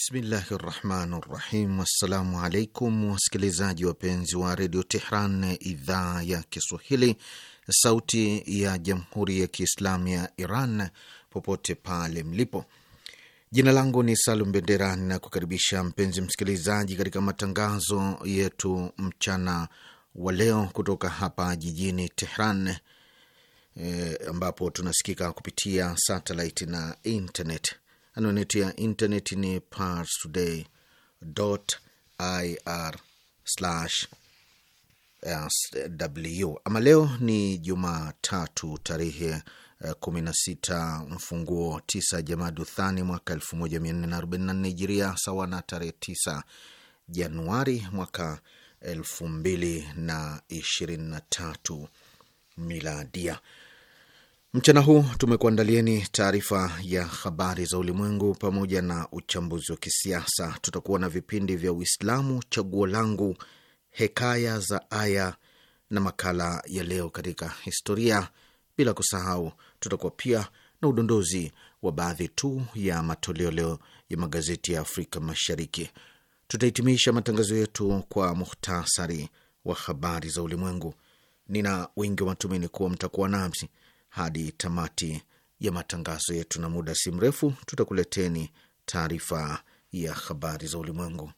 Bismillahi rahmani rahim. Assalamu alaikum wasikilizaji wapenzi wa redio Tehran, idhaa ya Kiswahili, sauti ya jamhuri ya kiislamu ya Iran, popote pale mlipo. Jina langu ni Salum Bendera na kukaribisha mpenzi msikilizaji katika matangazo yetu mchana wa leo kutoka hapa jijini Tehran, eh, ambapo e, tunasikika kupitia satelit na internet. Anwani yetu ya intaneti ni parstoday.ir/sw. Eh, Ama leo ni Jumatatu tarehe 16 eh, mfunguo 9 Jamadu Thani mwaka 1444 Nijiria, sawa na tarehe 9 Januari mwaka 2023 miladia. Mchana huu tumekuandalieni taarifa ya habari za ulimwengu pamoja na uchambuzi wa kisiasa. Tutakuwa na vipindi vya Uislamu, chaguo langu, hekaya za aya na makala ya leo katika historia, bila kusahau tutakuwa pia na udondozi wa baadhi tu ya matoleo leo ya magazeti ya Afrika Mashariki. Tutahitimisha matangazo yetu kwa muhtasari wa habari za ulimwengu. Nina wingi wa matumaini kuwa mtakuwa nasi hadi tamati ya matangazo yetu, na muda si mrefu tutakuleteni taarifa ya habari za ulimwengu.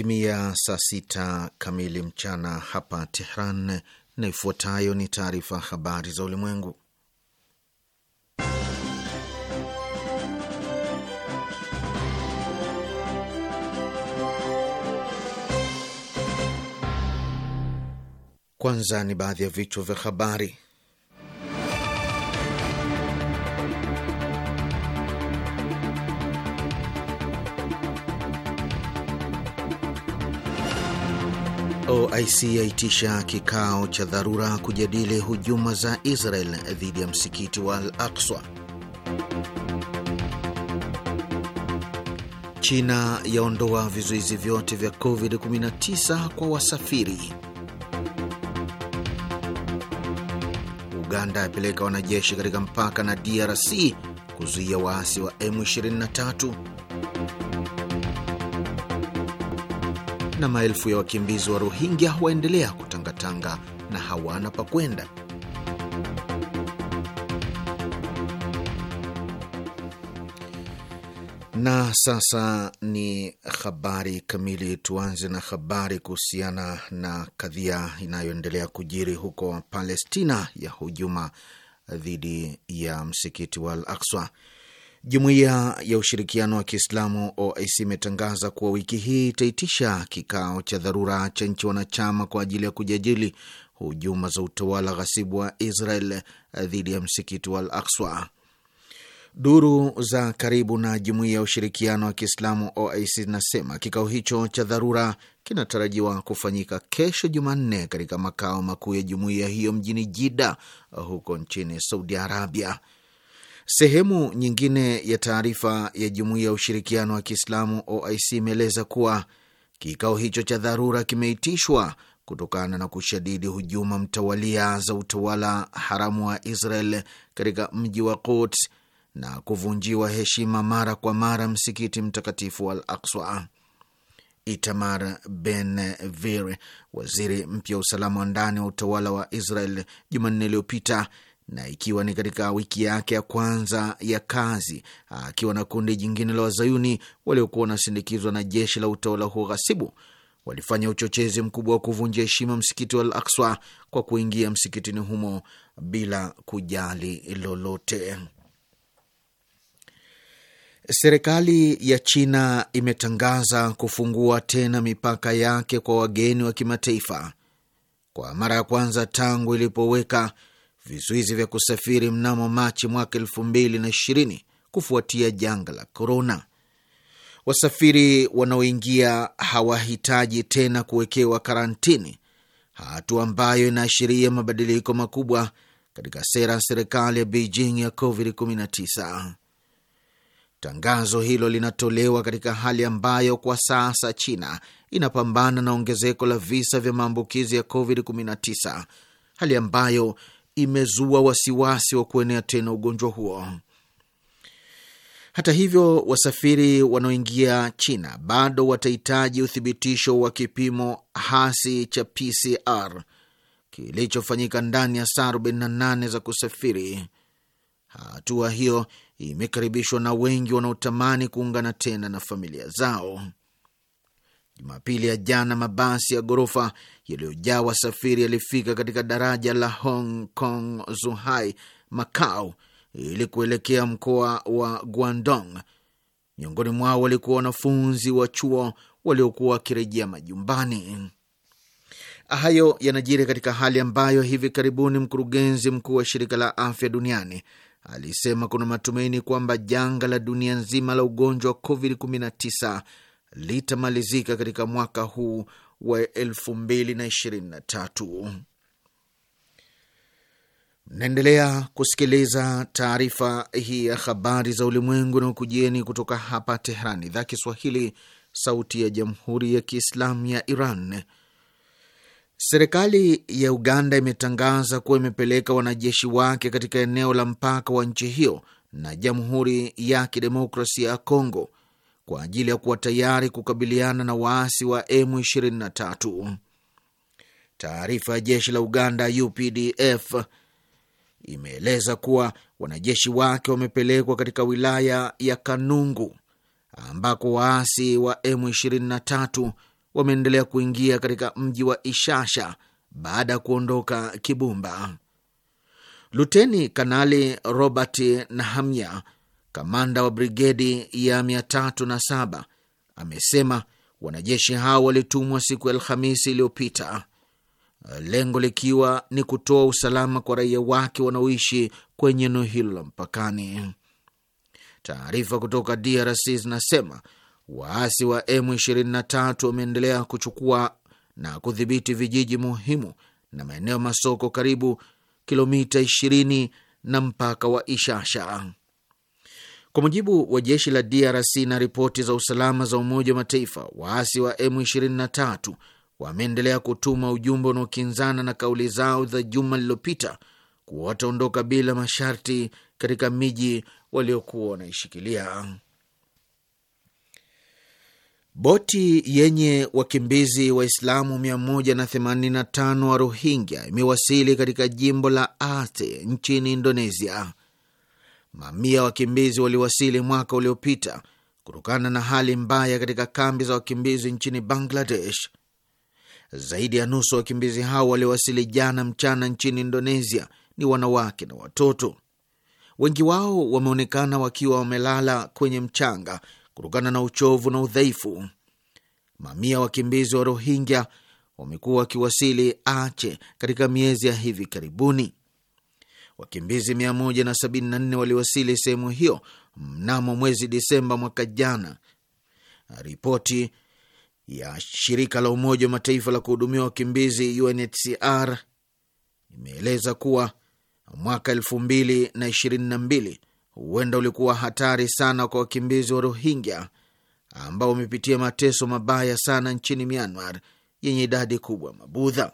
Imetimia saa sita kamili mchana hapa Tehran, na ifuatayo ni taarifa habari za ulimwengu. Kwanza ni baadhi ya vichwa vya habari. OIC yaitisha kikao cha dharura kujadili hujuma za Israel dhidi ya msikiti wa Al akswa China yaondoa vizuizi vyote vya COVID-19 kwa wasafiri. Uganda yapeleka wanajeshi katika mpaka na DRC kuzuia waasi wa M23 na maelfu ya wakimbizi wa Rohingya waendelea kutangatanga na hawana pa kwenda. Na sasa ni habari kamili. Tuanze na habari kuhusiana na kadhia inayoendelea kujiri huko Palestina ya hujuma dhidi ya msikiti wa Al Akswa. Jumuiya ya Ushirikiano wa Kiislamu OIC imetangaza kuwa wiki hii itaitisha kikao cha dharura cha nchi wanachama kwa ajili ya kujadili hujuma za utawala ghasibu wa Israel dhidi ya msikiti wa Al Akswa. Duru za karibu na Jumuiya ya Ushirikiano wa Kiislamu OIC zinasema kikao hicho cha dharura kinatarajiwa kufanyika kesho Jumanne katika makao makuu ya jumuiya hiyo mjini Jida huko nchini Saudi Arabia. Sehemu nyingine ya taarifa ya Jumuiya ya Ushirikiano wa Kiislamu OIC imeeleza kuwa kikao hicho cha dharura kimeitishwa kutokana na kushadidi hujuma mtawalia za utawala haramu wa Israel katika mji wa Quds na kuvunjiwa heshima mara kwa mara msikiti mtakatifu wa al Itamar Ben Vir, waziri mpya wa usalama wa ndani wa utawala wa Israel, Jumanne iliyopita na ikiwa ni katika wiki yake ya kwanza ya kazi akiwa na kundi jingine la wazayuni waliokuwa wanasindikizwa na jeshi la utawala huo ghasibu, walifanya uchochezi mkubwa wa kuvunja heshima msikiti wa Al Akswa kwa kuingia msikitini humo bila kujali lolote. Serikali ya China imetangaza kufungua tena mipaka yake kwa wageni wa kimataifa kwa mara ya kwanza tangu ilipoweka vizuizi vya kusafiri mnamo Machi mwaka elfu mbili na ishirini kufuatia janga la korona. Wasafiri wanaoingia hawahitaji tena kuwekewa karantini, hatua ambayo inaashiria mabadiliko makubwa katika sera ya serikali ya Beijing ya COVID-19. Tangazo hilo linatolewa katika hali ambayo kwa sasa China inapambana na ongezeko la visa vya maambukizi ya COVID-19, hali ambayo imezua wasiwasi wa kuenea tena ugonjwa huo. Hata hivyo, wasafiri wanaoingia China bado watahitaji uthibitisho wa kipimo hasi cha PCR kilichofanyika ndani ya saa 48 za kusafiri. Hatua hiyo imekaribishwa na wengi wanaotamani kuungana tena na familia zao. Jumapili ya jana, mabasi ya ghorofa yaliyojaa wasafiri yalifika katika daraja la Hong Kong, zuhai Macau ili kuelekea mkoa wa Guangdong. Miongoni mwao walikuwa wanafunzi wa chuo waliokuwa wakirejea majumbani. Hayo yanajiri katika hali ambayo hivi karibuni mkurugenzi mkuu wa shirika la afya duniani alisema kuna matumaini kwamba janga la dunia nzima la ugonjwa wa COVID-19 litamalizika katika mwaka huu wa 2023. Naendelea kusikiliza taarifa hii ya habari za ulimwengu na ukujieni kutoka hapa Tehrani, idhaa Kiswahili, sauti ya jamhuri ya kiislamu ya Iran. Serikali ya Uganda imetangaza kuwa imepeleka wanajeshi wake katika eneo la mpaka wa nchi hiyo na jamhuri ya kidemokrasia ya Kongo kwa ajili ya kuwa tayari kukabiliana na waasi wa M23. Taarifa ya jeshi la Uganda UPDF imeeleza kuwa wanajeshi wake wamepelekwa katika wilaya ya Kanungu ambako waasi wa M23 wameendelea kuingia katika mji wa Ishasha baada ya kuondoka Kibumba. Luteni Kanali Robert Nahamya Kamanda wa brigedi ya 307 amesema wanajeshi hao walitumwa siku ya Alhamisi iliyopita, lengo likiwa ni kutoa usalama kwa raia wake wanaoishi kwenye eneo hilo la mpakani. Taarifa kutoka DRC zinasema waasi wa M23 wameendelea kuchukua na kudhibiti vijiji muhimu na maeneo masoko karibu kilomita 20 na mpaka wa Ishasha. Kwa mujibu wa jeshi la DRC na ripoti za usalama za Umoja wa Mataifa, waasi wa M23 wameendelea kutuma ujumbe unaokinzana na kauli zao za juma lililopita kuwa wataondoka bila masharti katika miji waliokuwa wanaishikilia. Boti yenye wakimbizi Waislamu 185 wa Rohingya imewasili katika jimbo la Aceh nchini Indonesia. Mamia wakimbizi waliwasili mwaka uliopita kutokana na hali mbaya katika kambi za wakimbizi nchini Bangladesh. Zaidi ya nusu wakimbizi hao waliowasili jana mchana nchini Indonesia ni wanawake na watoto. Wengi wao wameonekana wakiwa wamelala kwenye mchanga kutokana na uchovu na udhaifu. Mamia wakimbizi wa Rohingya wamekuwa wakiwasili Ache katika miezi ya hivi karibuni wakimbizi 174 waliwasili sehemu hiyo mnamo mwezi Disemba mwaka jana. Ripoti ya shirika la Umoja wa Mataifa la kuhudumia wakimbizi UNHCR imeeleza kuwa mwaka 2022 huenda ulikuwa hatari sana kwa wakimbizi wa Rohingya ambao wamepitia mateso mabaya sana nchini Myanmar yenye idadi kubwa ya Mabudha.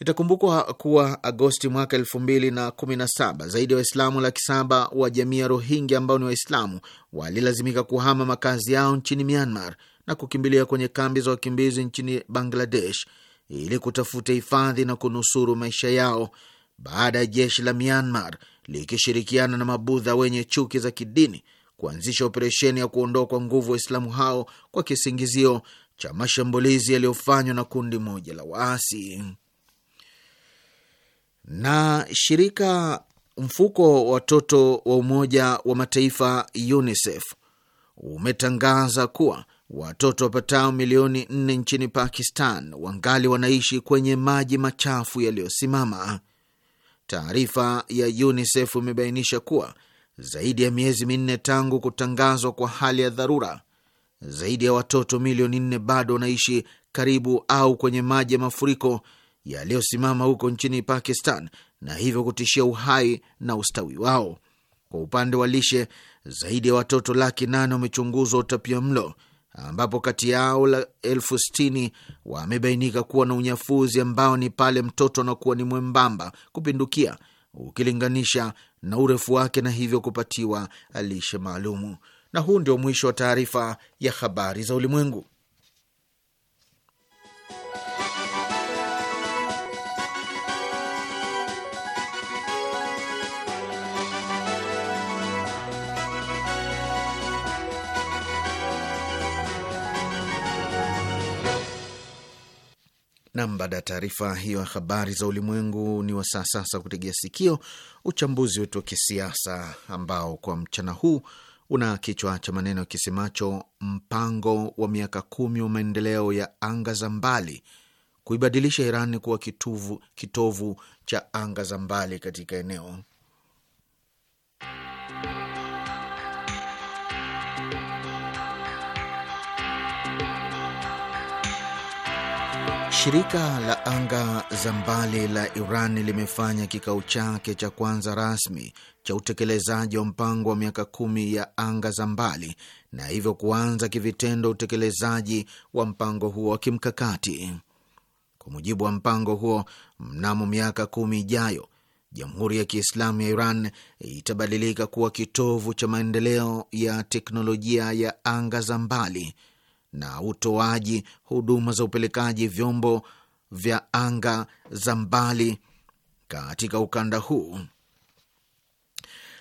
Itakumbukwa kuwa Agosti mwaka elfu mbili na kumi na saba zaidi ya wa Waislamu laki saba wa jamii ya Rohingya ambao ni Waislamu walilazimika kuhama makazi yao nchini Myanmar na kukimbilia kwenye kambi za wakimbizi nchini Bangladesh ili kutafuta hifadhi na kunusuru maisha yao baada ya jeshi la Myanmar likishirikiana na mabudha wenye chuki za kidini kuanzisha operesheni ya kuondoa kwa nguvu Waislamu hao kwa kisingizio cha mashambulizi yaliyofanywa na kundi moja la waasi na shirika mfuko wa watoto wa Umoja wa Mataifa UNICEF umetangaza kuwa watoto wapatao milioni nne nchini Pakistan wangali wanaishi kwenye maji machafu yaliyosimama. Taarifa ya UNICEF imebainisha kuwa zaidi ya miezi minne tangu kutangazwa kwa hali ya dharura, zaidi ya watoto milioni nne bado wanaishi karibu au kwenye maji ya mafuriko yaliyosimama huko nchini Pakistan na hivyo kutishia uhai na ustawi wao. Kwa upande wa lishe, zaidi ya watoto laki nane wamechunguzwa utapia mlo ambapo kati yao la elfu sitini wamebainika kuwa na unyafuzi ambao ni pale mtoto anakuwa ni mwembamba kupindukia ukilinganisha na urefu wake na hivyo kupatiwa lishe maalumu. Na huu ndio mwisho wa taarifa ya habari za ulimwengu. Nam, baada ya taarifa hiyo ya habari za ulimwengu, ni wasaa sasa kutegea sikio uchambuzi wetu wa kisiasa ambao kwa mchana huu una kichwa cha maneno kisemacho mpango wa miaka kumi wa maendeleo ya anga za mbali kuibadilisha Iran kuwa kitovu cha anga za mbali katika eneo Shirika la anga za mbali la Iran limefanya kikao chake cha kwanza rasmi cha utekelezaji wa mpango wa miaka kumi ya anga za mbali na hivyo kuanza kivitendo utekelezaji wa mpango huo wa kimkakati. Kwa mujibu wa mpango huo, mnamo miaka kumi ijayo Jamhuri ya Kiislamu ya Iran itabadilika kuwa kitovu cha maendeleo ya teknolojia ya anga za mbali na utoaji huduma za upelekaji vyombo vya anga za mbali katika ukanda huu.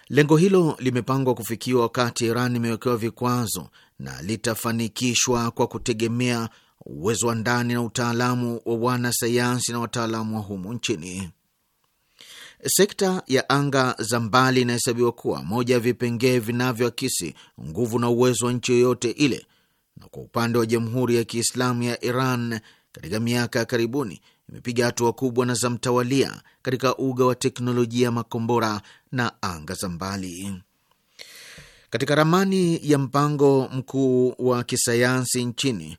Lengo hilo limepangwa kufikiwa wakati Iran imewekewa vikwazo na litafanikishwa kwa kutegemea uwezo wa ndani na utaalamu wa wanasayansi na wataalamu wa humu nchini. Sekta ya anga za mbali inahesabiwa kuwa moja ya vipengee vinavyoakisi nguvu na uwezo wa nchi yoyote ile na kwa upande wa Jamhuri ya Kiislamu ya Iran katika miaka ya karibuni imepiga hatua kubwa na za mtawalia katika uga wa teknolojia ya makombora na anga za mbali. Katika ramani ya mpango mkuu wa kisayansi nchini,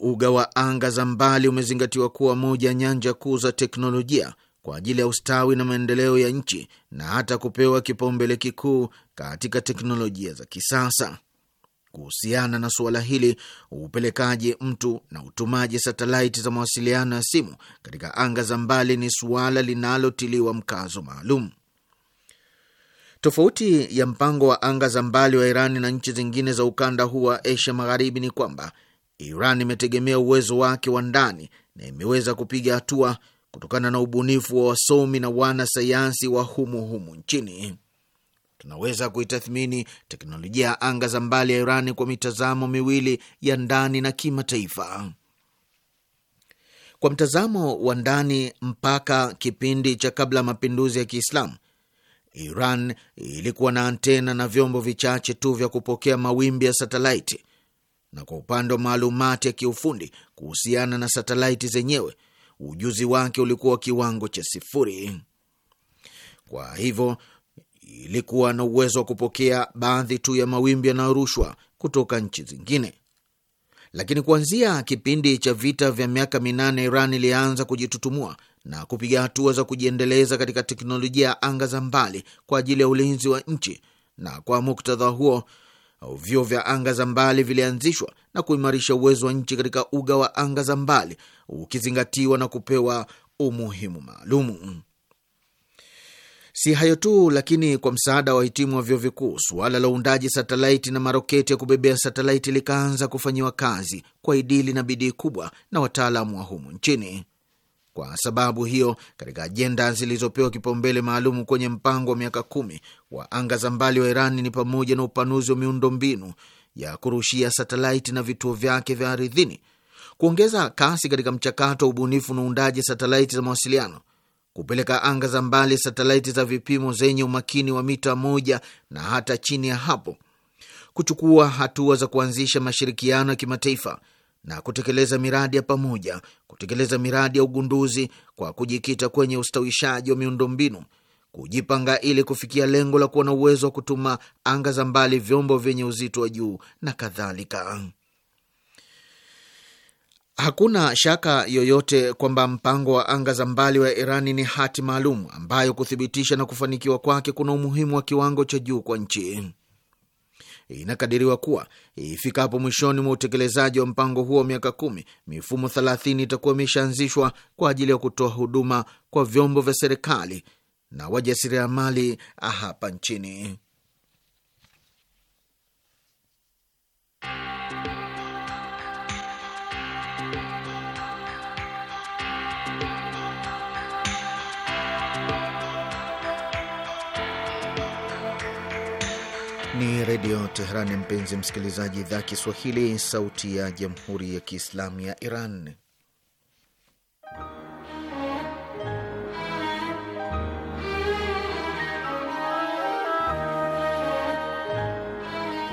uga wa anga za mbali umezingatiwa kuwa moja ya nyanja kuu za teknolojia kwa ajili ya ustawi na maendeleo ya nchi na hata kupewa kipaumbele kikuu katika teknolojia za kisasa kuhusiana na suala hili, upelekaji mtu na utumaji satelaiti za mawasiliano ya simu katika anga za mbali ni suala linalotiliwa mkazo maalum. Tofauti ya mpango wa anga za mbali wa Irani na nchi zingine za ukanda huu wa Asia Magharibi ni kwamba Iran imetegemea uwezo wake wa ndani na imeweza kupiga hatua kutokana na ubunifu wa wasomi na wanasayansi wa humuhumu humu nchini tunaweza kuitathmini teknolojia ya anga za mbali ya Irani kwa mitazamo miwili ya ndani na kimataifa. Kwa mtazamo wa ndani, mpaka kipindi cha kabla ya mapinduzi ya Kiislamu, Iran ilikuwa na antena na vyombo vichache tu vya kupokea mawimbi ya satelaiti, na kwa upande wa maalumati ya kiufundi kuhusiana na satelaiti zenyewe, ujuzi wake ulikuwa wa kiwango cha sifuri. Kwa hivyo ilikuwa na uwezo wa kupokea baadhi tu ya mawimbi yanayorushwa kutoka nchi zingine, lakini kuanzia kipindi cha vita vya miaka minane Iran ilianza kujitutumua na kupiga hatua za kujiendeleza katika teknolojia ya anga za mbali kwa ajili ya ulinzi wa nchi. Na kwa muktadha huo vyuo vya anga za mbali vilianzishwa na kuimarisha uwezo wa nchi katika uga wa anga za mbali ukizingatiwa na kupewa umuhimu maalumu. Si hayo tu, lakini kwa msaada wa wahitimu wa vyuo vikuu, suala la uundaji satelaiti na maroketi ya kubebea satelaiti likaanza kufanyiwa kazi kwa idili na bidii kubwa na wataalamu wa humu nchini. Kwa sababu hiyo, katika ajenda zilizopewa kipaumbele maalum kwenye mpango wa miaka kumi wa anga za mbali wa Irani ni pamoja na upanuzi wa miundombinu ya kurushia satelaiti na vituo vyake vya ardhini, kuongeza kasi katika mchakato wa ubunifu na uundaji satelaiti za mawasiliano kupeleka anga za mbali satelaiti za vipimo zenye umakini wa mita moja na hata chini ya hapo, kuchukua hatua za kuanzisha mashirikiano ya kimataifa na kutekeleza miradi ya pamoja, kutekeleza miradi ya ugunduzi kwa kujikita kwenye ustawishaji wa miundombinu, kujipanga ili kufikia lengo la kuwa na uwezo wa kutuma anga za mbali vyombo vyenye uzito wa juu na kadhalika. Hakuna shaka yoyote kwamba mpango wa anga za mbali wa Irani ni hati maalum ambayo kuthibitisha na kufanikiwa kwake kuna umuhimu wa kiwango cha juu kwa nchi. Inakadiriwa kuwa ifikapo mwishoni mwa utekelezaji wa mpango huo wa miaka kumi, mifumo thelathini itakuwa imeshaanzishwa kwa ajili ya kutoa huduma kwa vyombo vya serikali na wajasiriamali hapa nchini. ni Redio Teherani, mpenzi msikilizaji, idhaa ya Kiswahili, sauti ya jamhuri ya kiislamu ya Iran.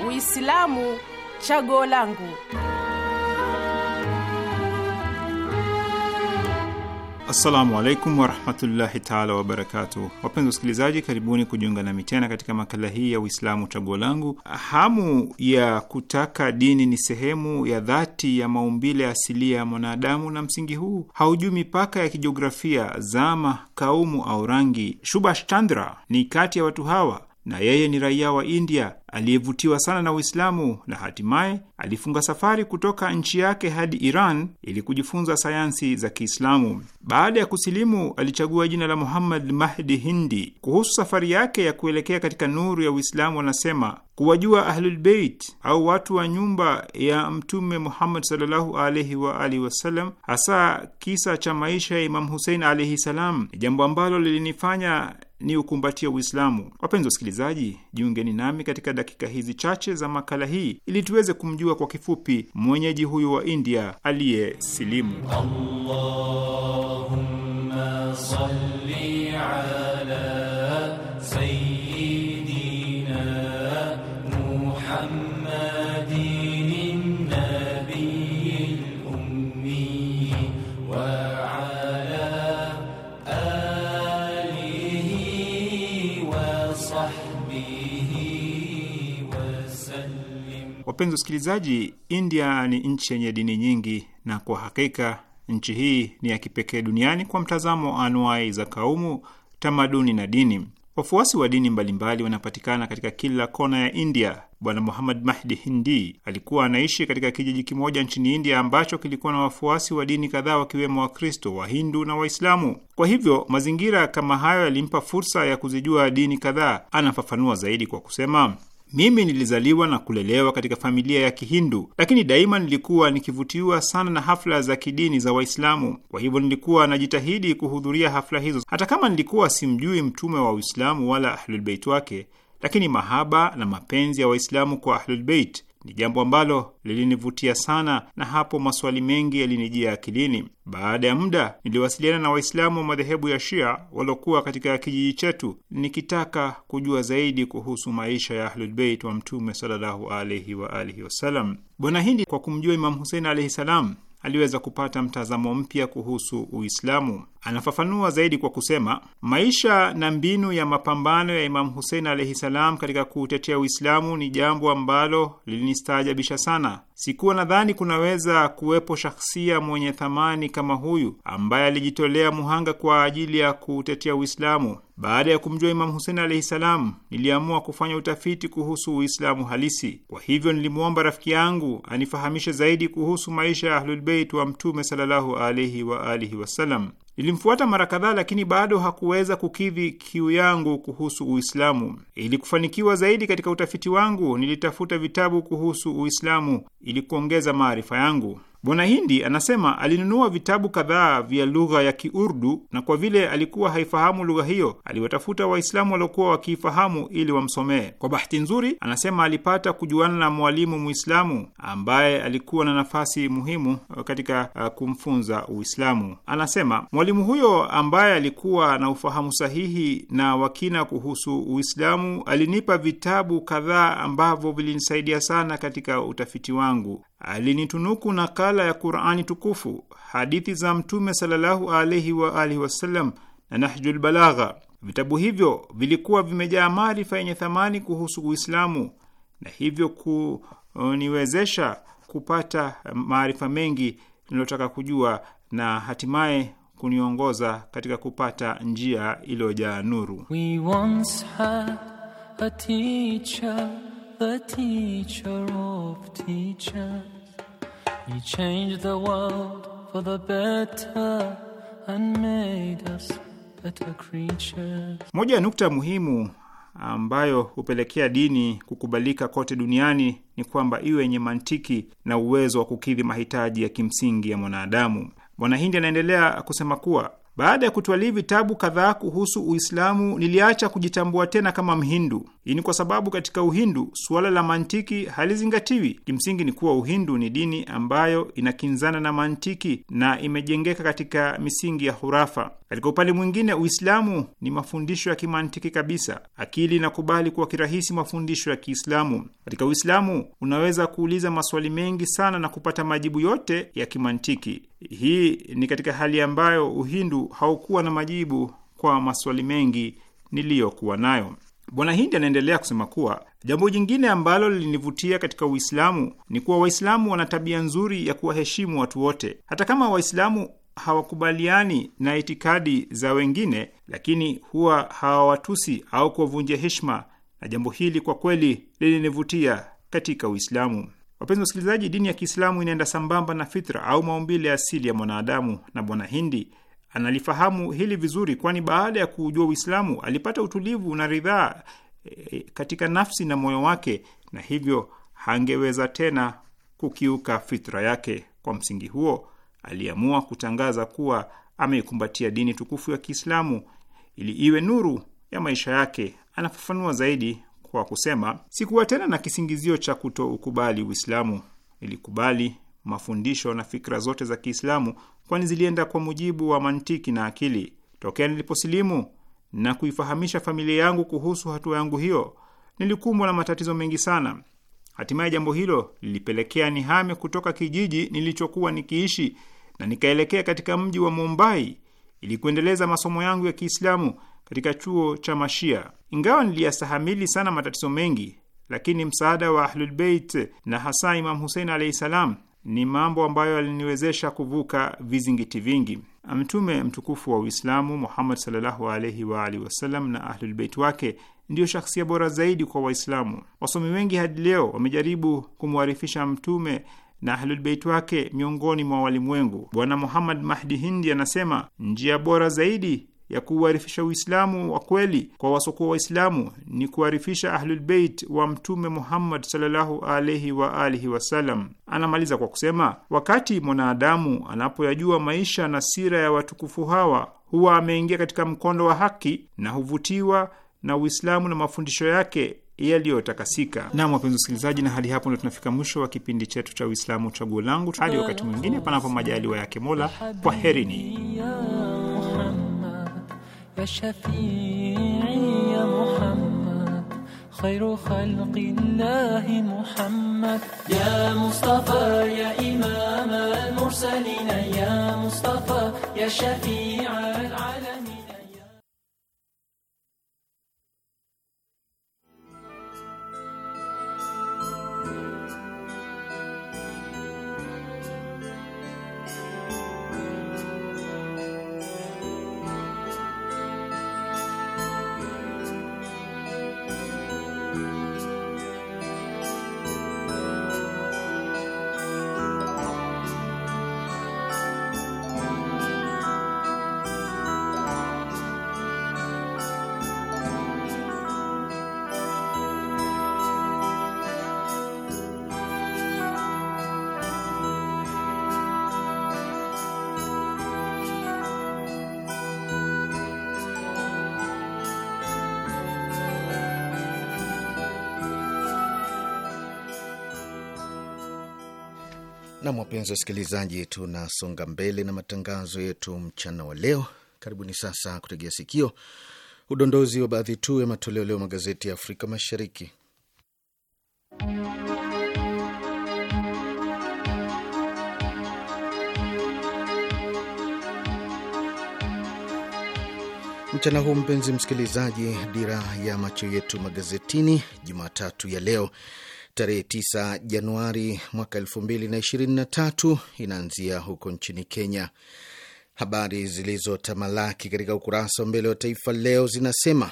Uislamu chaguo langu. Assalamu alaikum warahmatullahi taala wabarakatu. Wapenzi wasikilizaji, karibuni kujiunga nami tena katika makala hii ya Uislamu chaguo langu. Hamu ya kutaka dini ni sehemu ya dhati ya maumbile asilia ya mwanadamu, na msingi huu haujui mipaka ya kijiografia, zama, kaumu au rangi. Subhash Chandra ni kati ya watu hawa na yeye ni raia wa India aliyevutiwa sana na Uislamu na hatimaye alifunga safari kutoka nchi yake hadi Iran ili kujifunza sayansi za Kiislamu. Baada ya kusilimu, alichagua jina la Muhammad Mahdi Hindi. Kuhusu safari yake ya kuelekea katika nuru ya Uislamu, anasema kuwajua Ahlulbeit au watu wa nyumba ya Mtume Muhammad sallallahu alaihi wa alihi wasallam, hasa kisa cha maisha ya Imam Husein alaihi salam, ni jambo ambalo lilinifanya ni ukumbatia Uislamu. Wapenzi wasikilizaji, jiungeni nami katika dakika hizi chache za makala hii ili tuweze kumjua kwa kifupi mwenyeji huyu wa India aliyesilimu. Allahumma Wapenzi wasikilizaji, India ni nchi yenye dini nyingi na kwa hakika nchi hii ni ya kipekee duniani kwa mtazamo wa anuai za kaumu, tamaduni na dini. Wafuasi wa dini mbalimbali wanapatikana katika kila kona ya India. Bwana Muhammad Mahdi Hindi alikuwa anaishi katika kijiji kimoja nchini India ambacho kilikuwa na wafuasi wa dini kadhaa wakiwemo Wakristo, Wahindu na Waislamu. Kwa hivyo mazingira kama hayo yalimpa fursa ya kuzijua dini kadhaa. Anafafanua zaidi kwa kusema mimi nilizaliwa na kulelewa katika familia ya Kihindu, lakini daima nilikuwa nikivutiwa sana na hafla za kidini za Waislamu. Kwa hivyo nilikuwa najitahidi kuhudhuria hafla hizo, hata kama nilikuwa simjui mtume wa Uislamu wala Ahlulbeit wake, lakini mahaba na mapenzi ya Waislamu kwa Ahlulbeit ni jambo ambalo lilinivutia sana, na hapo maswali mengi yalinijia akilini. Baada ya muda, niliwasiliana na Waislamu wa madhehebu ya Shia waliokuwa katika kijiji chetu, nikitaka kujua zaidi kuhusu maisha ya Ahlulbeit wa Mtume sallallahu alaihi wa alihi wasalam. Bwana Hindi, kwa kumjua Imam Husein alaihi salam aliweza kupata mtazamo mpya kuhusu Uislamu. Anafafanua zaidi kwa kusema, maisha na mbinu ya mapambano ya imamu Husein alaihi salam katika kuutetea Uislamu ni jambo ambalo lilinistaajabisha sana. Sikuwa nadhani kunaweza kuwepo shakhsia mwenye thamani kama huyu ambaye alijitolea muhanga kwa ajili ya kutetea Uislamu. Baada ya kumjua Imamu Husein alaihi salam, niliamua kufanya utafiti kuhusu Uislamu halisi. Kwa hivyo nilimwomba rafiki yangu anifahamishe zaidi kuhusu maisha ya Ahlulbeit wa Mtume sallallahu alaihi waalihi wasalam. Nilimfuata mara kadhaa, lakini bado hakuweza kukidhi kiu yangu kuhusu Uislamu. Ili kufanikiwa zaidi katika utafiti wangu, nilitafuta vitabu kuhusu Uislamu ili kuongeza maarifa yangu. Bwana Hindi anasema alinunua vitabu kadhaa vya lugha ya Kiurdu, na kwa vile alikuwa haifahamu lugha hiyo, aliwatafuta Waislamu waliokuwa wakiifahamu ili wamsomee. Kwa bahati nzuri, anasema alipata kujuana na mwalimu Mwislamu ambaye alikuwa na nafasi muhimu uh, katika uh, kumfunza Uislamu. Anasema mwalimu huyo ambaye alikuwa na ufahamu sahihi na wakina kuhusu Uislamu alinipa vitabu kadhaa ambavyo vilinisaidia sana katika utafiti wangu alinitunuku nakala ya Qurani tukufu, hadithi za Mtume sallallahu alaihi wa alihi wasallam na Nahjul Balagha. Vitabu hivyo vilikuwa vimejaa maarifa yenye thamani kuhusu Uislamu na hivyo kuniwezesha kupata maarifa mengi niliyotaka kujua na hatimaye kuniongoza katika kupata njia iliyojaa nuru. We once had a teacher the teacher of teachers. He changed the world for the better and made us better creatures. Moja ya nukta muhimu ambayo hupelekea dini kukubalika kote duniani ni kwamba iwe yenye mantiki na uwezo wa kukidhi mahitaji ya kimsingi ya mwanadamu. Bwana Hindi anaendelea kusema kuwa baada ya kutwalii vitabu kadhaa kuhusu Uislamu, niliacha kujitambua tena kama Mhindu. Hii ni kwa sababu katika Uhindu suala la mantiki halizingatiwi. Kimsingi ni kuwa Uhindu ni dini ambayo inakinzana na mantiki na imejengeka katika misingi ya hurafa. Katika upande mwingine, Uislamu ni mafundisho ya kimantiki kabisa. Akili inakubali kwa kirahisi mafundisho ya Kiislamu. Katika Uislamu unaweza kuuliza maswali mengi sana na kupata majibu yote ya kimantiki. Hii ni katika hali ambayo Uhindu haukuwa na majibu kwa maswali mengi niliyokuwa nayo. Bwana Hindi anaendelea kusema kuwa jambo jingine ambalo lilinivutia katika Uislamu ni kuwa Waislamu wana tabia nzuri ya kuwaheshimu watu wote. Hata kama Waislamu hawakubaliani na itikadi za wengine, lakini huwa hawawatusi au kuwavunjia heshima, na jambo hili kwa kweli lilinivutia katika Uislamu. Wapenzi wasikilizaji, dini ya Kiislamu inaenda sambamba na fitra au maumbile ya asili ya mwanadamu, na Bwana Hindi analifahamu hili vizuri, kwani baada ya kuujua Uislamu alipata utulivu na ridhaa e, katika nafsi na moyo wake, na hivyo hangeweza tena kukiuka fitra yake. Kwa msingi huo, aliamua kutangaza kuwa ameikumbatia dini tukufu ya Kiislamu ili iwe nuru ya maisha yake. Anafafanua zaidi kwa kusema, sikuwa tena na kisingizio cha kutoukubali Uislamu. Nilikubali mafundisho na fikra zote za Kiislamu, kwani zilienda kwa mujibu wa mantiki na akili. Tokea niliposilimu na kuifahamisha familia yangu kuhusu hatua yangu hiyo, nilikumbwa na matatizo mengi sana. Hatimaye jambo hilo lilipelekea nihame kutoka kijiji nilichokuwa nikiishi na nikaelekea katika mji wa Mumbai ili kuendeleza masomo yangu ya Kiislamu katika chuo cha Mashia. Ingawa niliyastahamili sana matatizo mengi, lakini msaada wa Ahlulbeit na hasa Imam Husein alahi salam ni mambo ambayo aliniwezesha kuvuka vizingiti vingi. Mtume mtukufu wa Uislamu Muhammad sallallahu alaihi wa alihi wasallam na Ahlulbeit wake ndiyo shakhsia bora zaidi kwa Waislamu. Wasomi wengi hadi leo wamejaribu kumwarifisha Mtume na Ahlulbeit wake miongoni mwa walimwengu. Bwana Muhammad Mahdi Hindi anasema njia bora zaidi ya kuuarifisha Uislamu wa kweli kwa wasokuwa Waislamu ni kuarifisha Ahlulbeit wa Mtume Muhammad sallallahu alaihi wa alihi wasallam. Anamaliza kwa kusema, wakati mwanadamu anapoyajua maisha na sira ya watukufu hawa huwa ameingia katika mkondo wa haki na huvutiwa na Uislamu na mafundisho yake yaliyotakasika. Naam, wapenzi wasikilizaji, na hadi hapo ndo tunafika mwisho wa kipindi chetu cha Uislamu chaguo langu. Hadi wakati mwingine, panapo majaliwa yake Mola, kwaherini. فشفيعي يا محمد خير خلق الله محمد يا مصطفى يا إمام المرسلين يا مصطفى يا شفيع العالمين Wapenzi wasikilizaji, tunasonga mbele na matangazo yetu mchana wa leo. Karibuni sasa kutegea sikio udondozi wa baadhi tu ya matoleo leo magazeti ya Afrika Mashariki. Mchana huu mpenzi msikilizaji, dira ya macho yetu magazetini Jumatatu ya leo tarehe 9 Januari mwaka elfu mbili na ishirini na tatu inaanzia huko nchini Kenya. Habari zilizotamalaki katika ukurasa wa mbele wa Taifa Leo zinasema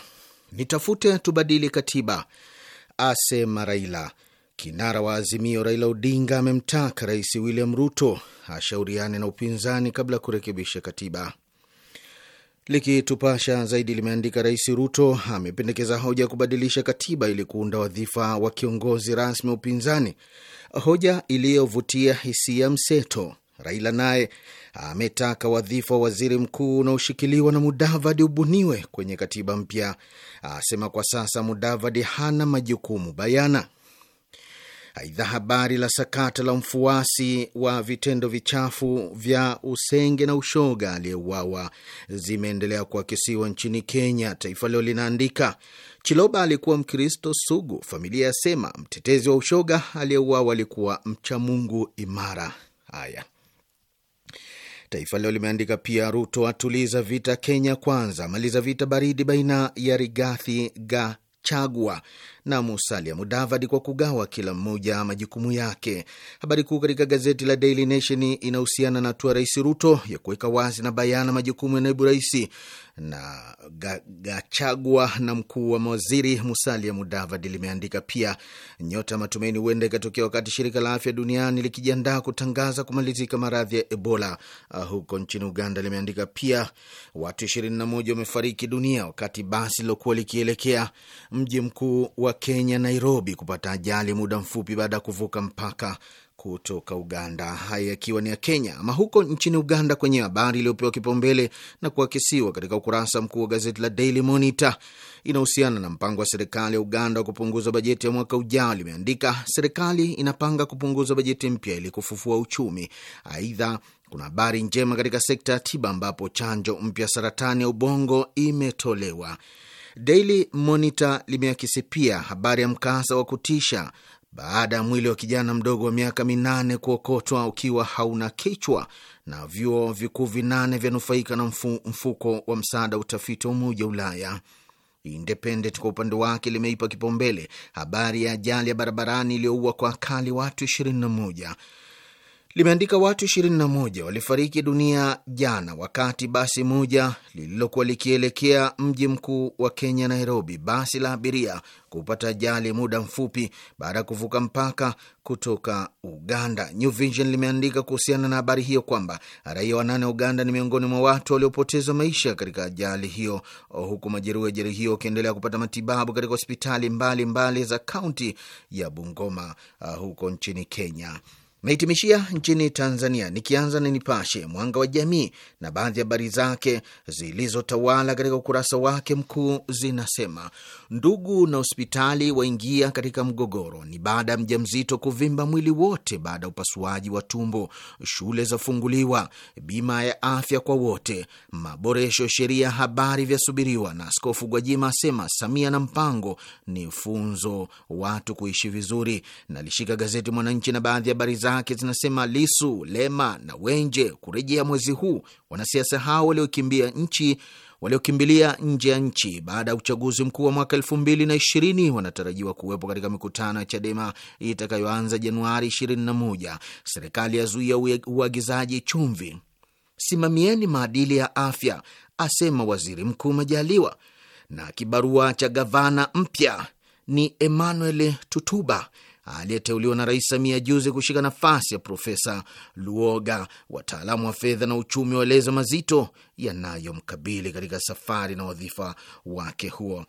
nitafute tubadili katiba, asema Raila. Kinara wa Azimio Raila Odinga amemtaka Rais William Ruto ashauriane na upinzani kabla ya kurekebisha katiba likitupasha zaidi limeandika, Rais Ruto amependekeza hoja ya kubadilisha katiba ili kuunda wadhifa wa kiongozi rasmi upinzani, hoja iliyovutia hisia mseto. Raila naye ametaka wadhifa wa waziri mkuu unaoshikiliwa na Mudavadi ubuniwe kwenye katiba mpya, asema kwa sasa Mudavadi hana majukumu bayana. Aidha, habari la sakata la mfuasi wa vitendo vichafu vya usenge na ushoga aliyeuawa zimeendelea kuakisiwa nchini Kenya. Taifa Leo linaandika Chiloba alikuwa Mkristo sugu, familia yasema mtetezi wa ushoga aliyeuawa alikuwa mcha Mungu imara. Haya, Taifa Leo limeandika pia, Ruto atuliza vita Kenya Kwanza, amaliza vita baridi baina ya Rigathi Gachagua na Musalia Mudavadi kwa kugawa kila mmoja majukumu yake. Habari kuu katika gazeti la Daily Nation inahusiana na hatua Rais Ruto ya kuweka wazi na bayana majukumu ya naibu rais na Gachagua na mkuu wa mawaziri Musalia Mudavadi. Limeandika pia nyota ya matumaini huenda ikatokea wakati shirika la afya duniani likijiandaa kutangaza kumalizika maradhi ya Ebola uh, huko nchini Uganda. Limeandika pia watu 21 wamefariki dunia wakati basi lilokuwa likielekea mji mkuu wa Kenya, Nairobi, kupata ajali muda mfupi baada ya kuvuka mpaka kutoka Uganda, haya yakiwa ni ya Kenya. Ama huko nchini Uganda, kwenye habari iliyopewa kipaumbele na kuakisiwa katika ukurasa mkuu wa gazeti la Daily Monitor inahusiana na mpango wa serikali ya Uganda wa kupunguza bajeti ya mwaka ujao. Limeandika, serikali inapanga kupunguza bajeti mpya ili kufufua uchumi. Aidha, kuna habari njema katika sekta ya tiba ambapo chanjo mpya saratani ya ubongo imetolewa. Daily Monitor limeakisi pia habari ya mkasa wa kutisha baada ya mwili wa kijana mdogo wa miaka minane kuokotwa ukiwa hauna kichwa, na vyuo vikuu vinane vyanufaika na mfu, mfuko wa msaada wa utafiti wa Umoja wa Ulaya. Independent kwa upande wake limeipa kipaumbele habari ya ajali ya barabarani iliyoua kwa akali watu moja limeandika watu 21 walifariki dunia jana wakati basi moja lililokuwa likielekea mji mkuu wa Kenya, Nairobi, basi la abiria kupata ajali muda mfupi baada ya kuvuka mpaka kutoka Uganda. New Vision limeandika kuhusiana na habari hiyo kwamba raia wanane wa Uganda ni miongoni mwa watu waliopoteza maisha katika ajali hiyo, huku majeruhi ya ajali hiyo wakiendelea kupata matibabu katika hospitali mbalimbali mbali za kaunti ya Bungoma uh, huko nchini Kenya. Naitimishia nchini Tanzania, nikianza na Nipashe Mwanga wa Jamii, na baadhi ya habari zake zilizotawala katika ukurasa wake mkuu zinasema: Ndugu na hospitali waingia katika mgogoro. Ni baada ya mjamzito kuvimba mwili wote baada ya upasuaji wa tumbo. Shule zafunguliwa, bima ya afya kwa wote, maboresho sheria ya habari vyasubiriwa, na Askofu Gwajima asema Samia na mpango ni funzo watu kuishi vizuri. Nalishika gazeti Mwananchi na baadhi ya habari zake zinasema: Lisu, Lema na Wenje kurejea mwezi huu, wanasiasa hao waliokimbia nchi waliokimbilia nje ya nchi baada ya uchaguzi mkuu wa mwaka elfu mbili na ishirini wanatarajiwa kuwepo katika mikutano ya CHADEMA itakayoanza Januari ishirini na moja. Serikali yazuia uagizaji chumvi. Simamieni maadili ya afya, asema Waziri Mkuu Majaliwa. Na kibarua cha gavana mpya ni Emmanuel Tutuba aliyeteuliwa na Rais Samia juzi kushika nafasi ya Profesa Luoga. Wataalamu wa fedha na uchumi waeleza mazito yanayomkabili katika safari na wadhifa wake huo.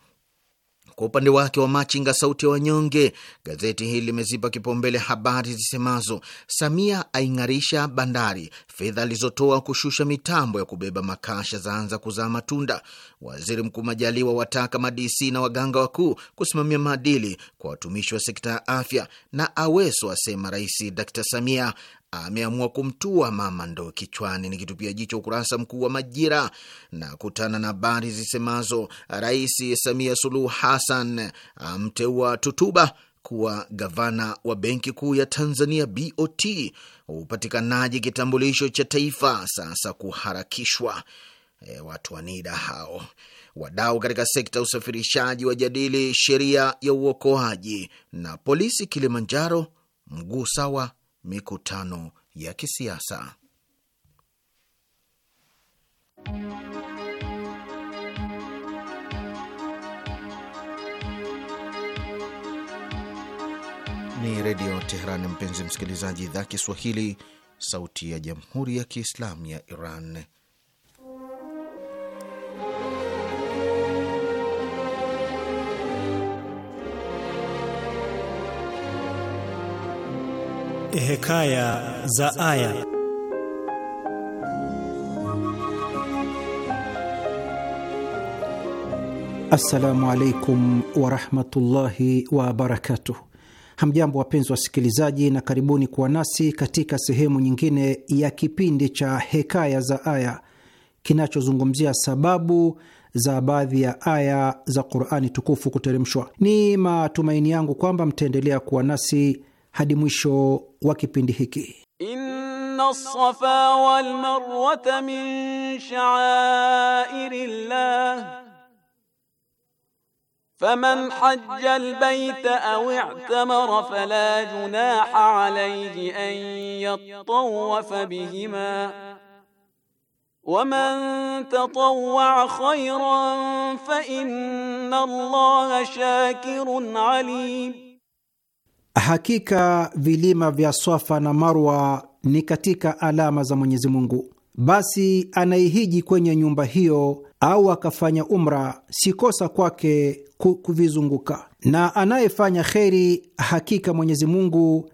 Kwa upande wake wa Machinga, sauti ya wa wanyonge, gazeti hili limezipa kipaumbele habari zisemazo Samia aing'arisha bandari, fedha alizotoa kushusha mitambo ya kubeba makasha zaanza kuzaa matunda. Waziri Mkuu Majaliwa wataka madc na waganga wakuu kusimamia maadili kwa watumishi wa sekta ya afya, na Aweso asema Rais Dr Samia ameamua kumtua mama ndo kichwani. Ni kitupia jicho ukurasa mkuu wa Majira na kutana na habari zisemazo Rais Samia Suluhu Hassan amteua Tutuba kuwa gavana wa Benki Kuu ya Tanzania BOT, upatikanaji kitambulisho cha taifa sasa kuharakishwa. E, watu wanida hao. Wadau katika sekta ya usafirishaji wajadili sheria ya uokoaji, na polisi Kilimanjaro mguu sawa mikutano ya kisiasa. Ni Redio Teheran, mpenzi msikilizaji, idhaa Kiswahili, sauti ya Jamhuri ya Kiislamu ya Iran. Eh, hekaya za Aya. Assalamu alaikum warahmatullahi wabarakatuh. Hamjambo wapenzi wasikilizaji, na karibuni kuwa nasi katika sehemu nyingine ya kipindi cha Hekaya za Aya kinachozungumzia sababu za baadhi ya aya za Qurani tukufu kuteremshwa. Ni matumaini yangu kwamba mtaendelea kuwa nasi hadi mwisho wa kipindi hiki. Inna safa wal marwa min sha'airillah faman hajja albayta aw i'tamara fala junaha alayhi an yattawafa bihima ومن تطوع خيرا فإن الله شاكر عليم Hakika vilima vya Swafa na Marwa ni katika alama za Mwenyezi Mungu. Basi anaihiji kwenye nyumba hiyo au akafanya umra, si kosa kwake kuvizunguka, na anayefanya kheri, hakika Mwenyezi Mungu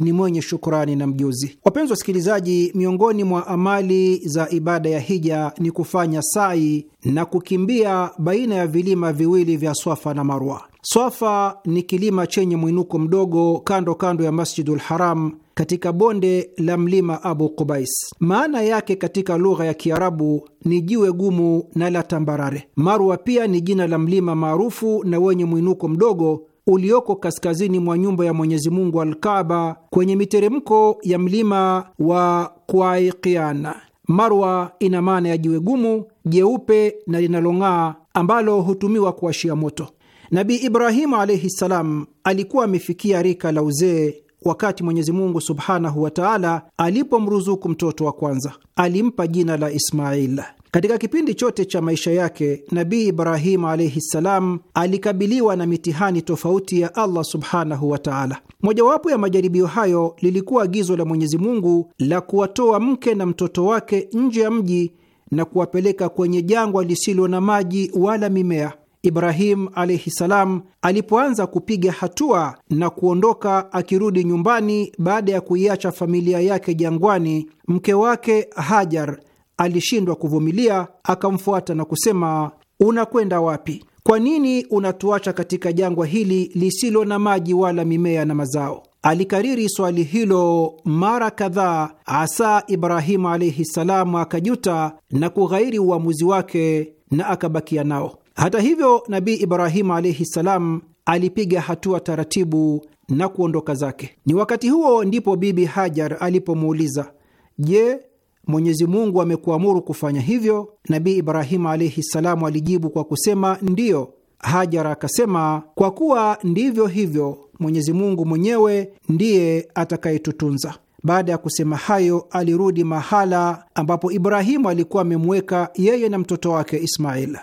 ni mwenye shukrani na mjuzi. Wapenzi wasikilizaji, miongoni mwa amali za ibada ya hija ni kufanya sai na kukimbia baina ya vilima viwili vya Swafa na Marwa. Swafa ni kilima chenye mwinuko mdogo kando kando ya Masjidul Haram katika bonde la mlima Abu kubais Maana yake katika lugha ya Kiarabu ni jiwe gumu na la tambarare. Marwa pia ni jina la mlima maarufu na wenye mwinuko mdogo ulioko kaskazini mwa nyumba ya Mwenyezi Mungu Alkaaba, kwenye miteremko ya mlima wa Kwaikian. Marwa ina maana ya jiwe gumu jeupe na linalong'aa ambalo hutumiwa kuashia moto. nabi Ibrahimu alaihi ssalam alikuwa amefikia rika la uzee wakati Mwenyezi Mungu subhanahu wa taala alipomruzuku mtoto wa kwanza, alimpa jina la Ismail. Katika kipindi chote cha maisha yake Nabii Ibrahimu alaihi ssalam alikabiliwa na mitihani tofauti ya Allah subhanahu wa taala. Mojawapo ya majaribio hayo lilikuwa agizo la Mwenyezi Mungu la kuwatoa mke na mtoto wake nje ya mji na kuwapeleka kwenye jangwa lisilo na maji wala mimea. ibrahimu alaihi ssalam alipoanza kupiga hatua na kuondoka akirudi nyumbani baada ya kuiacha familia yake jangwani, mke wake Hajar alishindwa kuvumilia, akamfuata na kusema, unakwenda wapi? Kwa nini unatuacha katika jangwa hili lisilo na maji wala mimea na mazao? Alikariri swali hilo mara kadhaa, hasa Ibrahimu alaihi salamu akajuta na kughairi uamuzi wake na akabakia nao. Hata hivyo, Nabii Ibrahimu alaihi salam alipiga hatua taratibu na kuondoka zake. Ni wakati huo ndipo Bibi Hajar alipomuuliza, Je, Mwenyezi Mungu amekuamuru kufanya hivyo? Nabii Ibrahimu alaihi salamu alijibu kwa kusema ndiyo. Hajara akasema, kwa kuwa ndivyo hivyo, Mwenyezi Mungu mwenyewe ndiye atakayetutunza. Baada ya kusema hayo, alirudi mahala ambapo Ibrahimu alikuwa amemweka yeye na mtoto wake Ismail.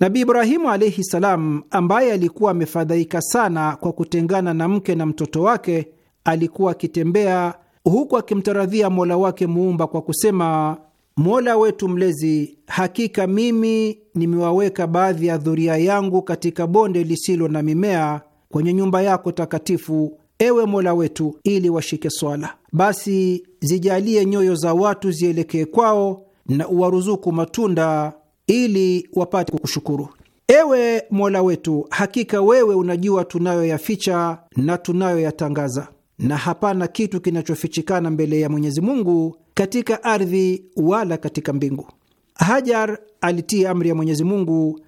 Nabii Ibrahimu alaihi salam, ambaye alikuwa amefadhaika sana kwa kutengana na mke na mtoto wake, alikuwa akitembea huku akimtaradhia Mola wake muumba kwa kusema: Mola wetu Mlezi, hakika mimi nimewaweka baadhi ya dhuria yangu katika bonde lisilo na mimea kwenye nyumba yako takatifu, ewe Mola wetu, ili washike swala. Basi zijalie nyoyo za watu zielekee kwao na uwaruzuku matunda ili wapate kukushukuru. Ewe Mola wetu, hakika wewe unajua tunayoyaficha na tunayoyatangaza na hapana kitu kinachofichikana mbele ya Mwenyezi Mungu katika ardhi wala katika mbingu. Hajar alitii amri ya Mwenyezi Mungu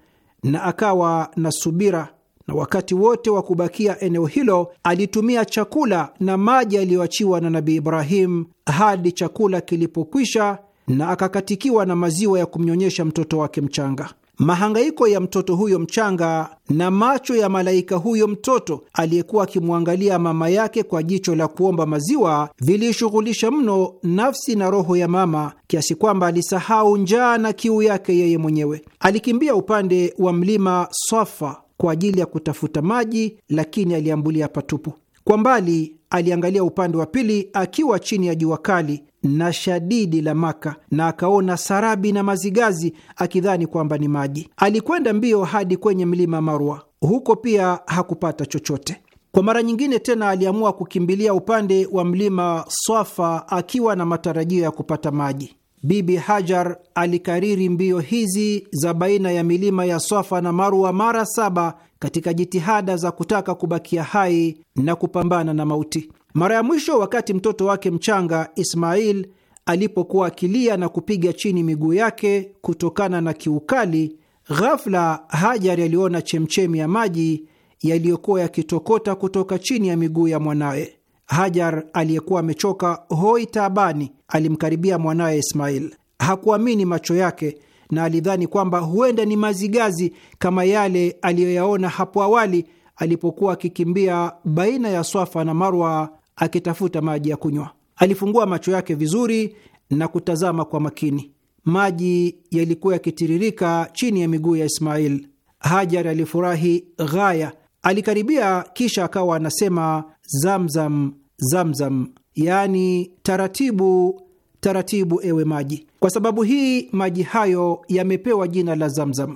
na akawa na subira, na wakati wote wa kubakia eneo hilo alitumia chakula na maji aliyoachiwa na Nabii ibrahimu hadi chakula kilipokwisha, na akakatikiwa na maziwa ya kumnyonyesha mtoto wake mchanga mahangaiko ya mtoto huyo mchanga na macho ya malaika huyo mtoto aliyekuwa akimwangalia mama yake kwa jicho la kuomba maziwa vilishughulisha mno nafsi na roho ya mama kiasi kwamba alisahau njaa na kiu yake yeye mwenyewe. Alikimbia upande wa mlima Swafa kwa ajili ya kutafuta maji, lakini aliambulia patupu. Kwa mbali aliangalia upande wa pili akiwa chini ya jua kali na shadidi la Maka na akaona sarabi na mazigazi akidhani kwamba ni maji. Alikwenda mbio hadi kwenye mlima Marwa, huko pia hakupata chochote. Kwa mara nyingine tena aliamua kukimbilia upande wa mlima Swafa akiwa na matarajio ya kupata maji. Bibi Hajar alikariri mbio hizi za baina ya milima ya Swafa na Marwa mara saba katika jitihada za kutaka kubakia hai na kupambana na mauti. Mara ya mwisho wakati mtoto wake mchanga Ismail alipokuwa akilia na kupiga chini miguu yake kutokana na kiukali, ghafla hajar aliona chemchemi ya maji yaliyokuwa yakitokota kutoka chini ya miguu ya mwanawe. Hajar aliyekuwa amechoka hoi taabani alimkaribia mwanawe Ismail. Hakuamini macho yake na alidhani kwamba huenda ni mazigazi kama yale aliyoyaona hapo awali alipokuwa akikimbia baina ya Swafa na Marwa akitafuta maji ya kunywa. Alifungua macho yake vizuri na kutazama kwa makini. Maji yalikuwa yakitiririka chini ya miguu ya Ismail. Hajar alifurahi ghaya, alikaribia, kisha akawa anasema zamzam, zamzam, yaani taratibu taratibu, ewe maji. Kwa sababu hii maji hayo yamepewa jina la Zamzam.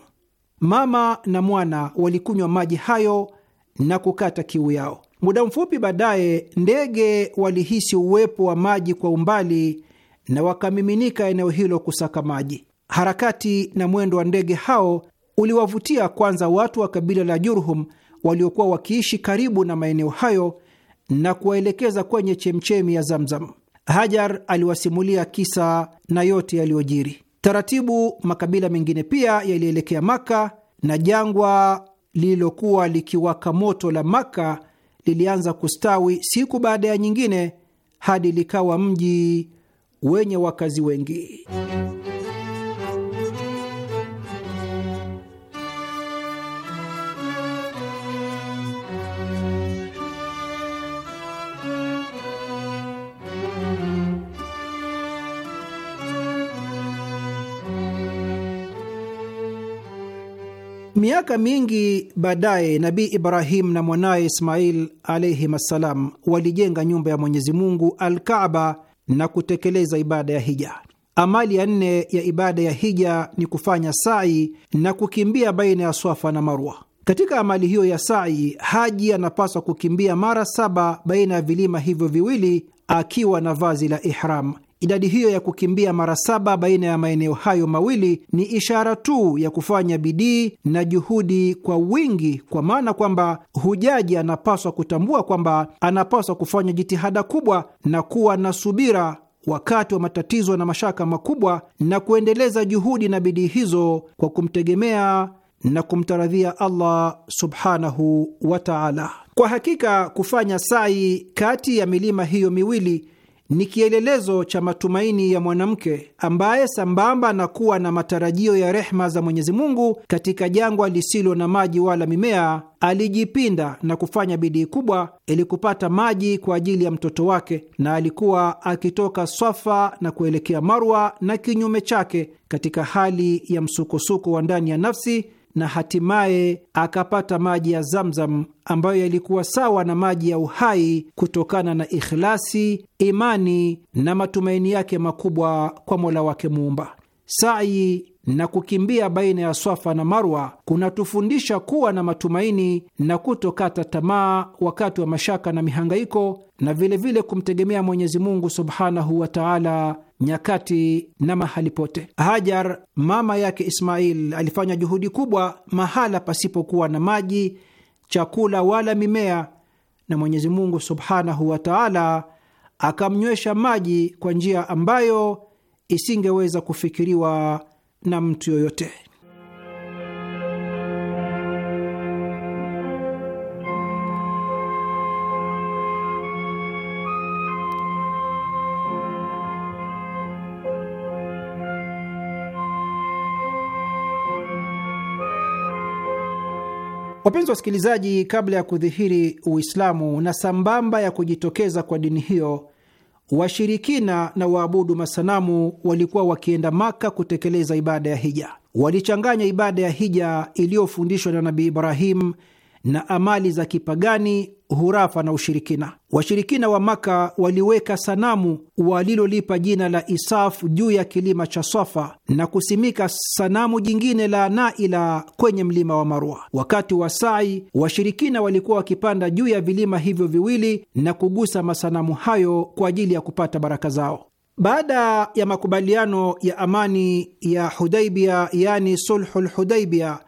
Mama na mwana walikunywa maji hayo na kukata kiu yao. Muda mfupi baadaye, ndege walihisi uwepo wa maji kwa umbali na wakamiminika eneo hilo kusaka maji. Harakati na mwendo wa ndege hao uliwavutia kwanza watu wa kabila la Jurhum waliokuwa wakiishi karibu na maeneo hayo na kuwaelekeza kwenye chemchemi ya Zamzam. Hajar aliwasimulia kisa na yote yaliyojiri. Taratibu makabila mengine pia yalielekea Maka na jangwa lililokuwa likiwaka moto la Maka lilianza kustawi siku baada ya nyingine hadi likawa mji wenye wakazi wengi. Miaka mingi baadaye, Nabii Ibrahim na mwanaye Ismail alayhim assalam walijenga nyumba ya Mwenyezi Mungu Alkaaba na kutekeleza ibada ya hija. Amali ya nne ya ibada ya hija ni kufanya sai na kukimbia baina ya Swafa na Marwa. Katika amali hiyo ya sai, haji anapaswa kukimbia mara saba baina ya vilima hivyo viwili akiwa na vazi la ihram Idadi hiyo ya kukimbia mara saba baina ya maeneo hayo mawili ni ishara tu ya kufanya bidii na juhudi kwa wingi, kwa maana kwamba hujaji anapaswa kutambua kwamba anapaswa kufanya jitihada kubwa na kuwa na subira wakati wa matatizo na mashaka makubwa, na kuendeleza juhudi na bidii hizo kwa kumtegemea na kumtaradhia Allah subhanahu wa taala. Kwa hakika kufanya sai kati ya milima hiyo miwili ni kielelezo cha matumaini ya mwanamke ambaye sambamba na kuwa na matarajio ya rehma za Mwenyezi Mungu katika jangwa lisilo na maji wala mimea, alijipinda na kufanya bidii kubwa ili kupata maji kwa ajili ya mtoto wake, na alikuwa akitoka Swafa na kuelekea Marwa na kinyume chake, katika hali ya msukosuko wa ndani ya nafsi na hatimaye akapata maji ya Zamzam ambayo yalikuwa sawa na maji ya uhai kutokana na ikhlasi, imani na matumaini yake makubwa kwa Mola wake Muumba. Sai na kukimbia baina ya Swafa na Marwa kunatufundisha kuwa na matumaini na kutokata tamaa wakati wa mashaka na mihangaiko, na vilevile vile kumtegemea Mwenyezi Mungu subhanahu wa taala nyakati na mahali pote. Hajar mama yake Ismail alifanya juhudi kubwa mahala pasipokuwa na maji, chakula wala mimea, na Mwenyezi Mungu subhanahu wa taala akamnywesha maji kwa njia ambayo isingeweza kufikiriwa na mtu yoyote. Wapenzi wasikilizaji, kabla ya kudhihiri Uislamu na sambamba ya kujitokeza kwa dini hiyo Washirikina na waabudu masanamu walikuwa wakienda Maka kutekeleza ibada ya hija. Walichanganya ibada ya hija iliyofundishwa na Nabii Ibrahimu na amali za kipagani, hurafa na ushirikina. Washirikina wa Maka waliweka sanamu walilolipa jina la Isafu juu ya kilima cha Swafa na kusimika sanamu jingine la Naila kwenye mlima wa marua Wakati wa sai, washirikina walikuwa wakipanda juu ya vilima hivyo viwili na kugusa masanamu hayo kwa ajili ya kupata baraka zao. Baada ya makubaliano ya amani ya Hudaibia, yani sulhu lhudaibia,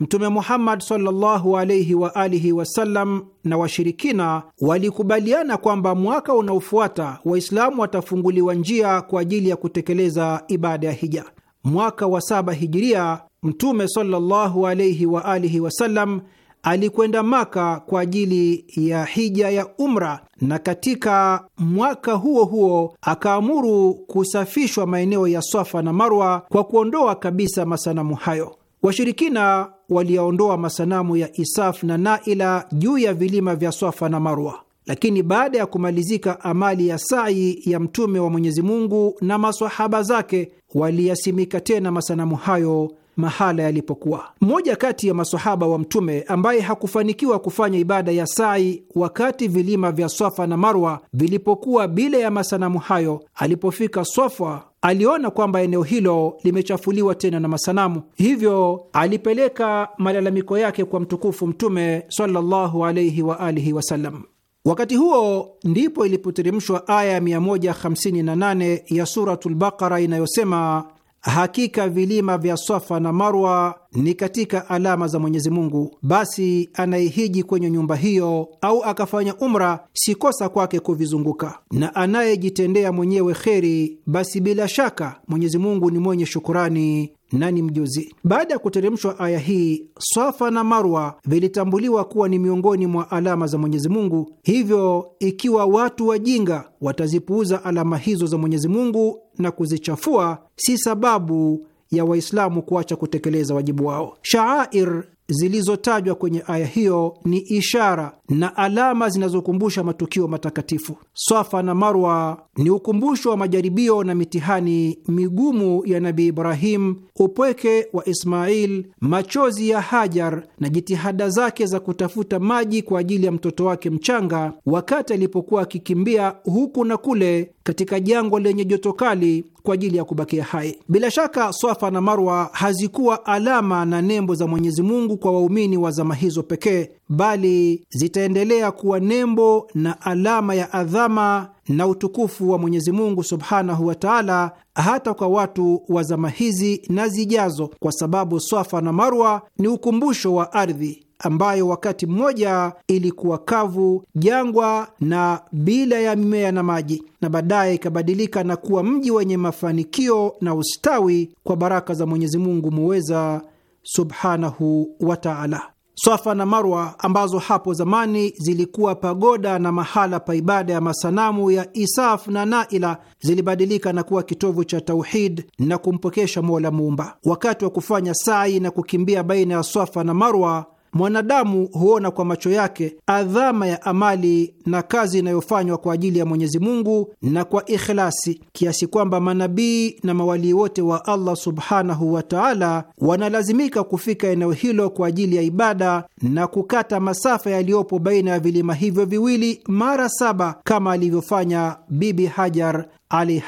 Mtume Muhammad sallallahu alaihi wa alihi wasallam na washirikina walikubaliana kwamba mwaka unaofuata Waislamu watafunguliwa njia kwa ajili ya kutekeleza ibada ya hija. Mwaka wa saba hijiria, Mtume sallallahu alaihi wa alihi wasallam alikwenda Maka kwa ajili ya hija ya umra, na katika mwaka huo huo akaamuru kusafishwa maeneo ya Swafa na Marwa kwa kuondoa kabisa masanamu hayo. Washirikina waliyaondoa masanamu ya Isaf na Naila juu ya vilima vya Swafa na Marwa, lakini baada ya kumalizika amali ya sai ya Mtume wa Mwenyezi Mungu na masahaba zake, waliyasimika tena masanamu hayo mahala yalipokuwa. Mmoja kati ya masahaba wa Mtume ambaye hakufanikiwa kufanya ibada ya sai wakati vilima vya Swafa na Marwa vilipokuwa bila ya masanamu hayo, alipofika Swafa aliona kwamba eneo hilo limechafuliwa tena na masanamu, hivyo alipeleka malalamiko yake kwa mtukufu Mtume sallallahu alaihi wa alihi wasallam. Wakati huo ndipo ilipoteremshwa aya 158 ya Suratul Baqara inayosema Hakika vilima vya Safa na Marwa ni katika alama za Mwenyezi Mungu, basi anayehiji kwenye nyumba hiyo au akafanya umra, si kosa kwake kuvizunguka, na anayejitendea mwenyewe kheri, basi bila shaka Mwenyezi Mungu ni mwenye shukurani na ni mjuzi. Baada ya kuteremshwa aya hii, Swafa na Marwa vilitambuliwa kuwa ni miongoni mwa alama za Mwenyezi Mungu. Hivyo, ikiwa watu wajinga watazipuuza alama hizo za Mwenyezi Mungu na kuzichafua, si sababu ya Waislamu kuacha kutekeleza wajibu wao. Shaair zilizotajwa kwenye aya hiyo ni ishara na alama zinazokumbusha matukio matakatifu. Swafa na Marwa ni ukumbusho wa majaribio na mitihani migumu ya Nabii Ibrahim, upweke wa Ismail, machozi ya Hajar na jitihada zake za kutafuta maji kwa ajili ya mtoto wake mchanga wakati alipokuwa akikimbia huku na kule katika jangwa lenye joto kali kwa ajili ya kubakia hai. Bila shaka, Swafa na Marwa hazikuwa alama na nembo za Mwenyezi Mungu kwa waumini wa zama hizo pekee, bali zitaendelea kuwa nembo na alama ya adhama na utukufu wa Mwenyezi Mungu subhanahu wa taala, hata kwa watu wa zama hizi na zijazo, kwa sababu Swafa na Marwa ni ukumbusho wa ardhi ambayo wakati mmoja ilikuwa kavu, jangwa na bila ya mimea na maji, na baadaye ikabadilika na kuwa mji wenye mafanikio na ustawi kwa baraka za Mwenyezi Mungu muweza subhanahu wa taala. Swafa na Marwa ambazo hapo zamani zilikuwa pagoda na mahala pa ibada ya masanamu ya Isaf na Naila zilibadilika na kuwa kitovu cha tauhid na kumpokesha Mola Muumba. Wakati wa kufanya sai na kukimbia baina ya Swafa na Marwa mwanadamu huona kwa macho yake adhama ya amali na kazi inayofanywa kwa ajili ya Mwenyezi Mungu na kwa ikhlasi, kiasi kwamba manabii na mawalii wote wa Allah subhanahu wa taala wanalazimika kufika eneo hilo kwa ajili ya ibada na kukata masafa yaliyopo baina ya vilima hivyo viwili mara saba kama alivyofanya Bibi Hajar alaihi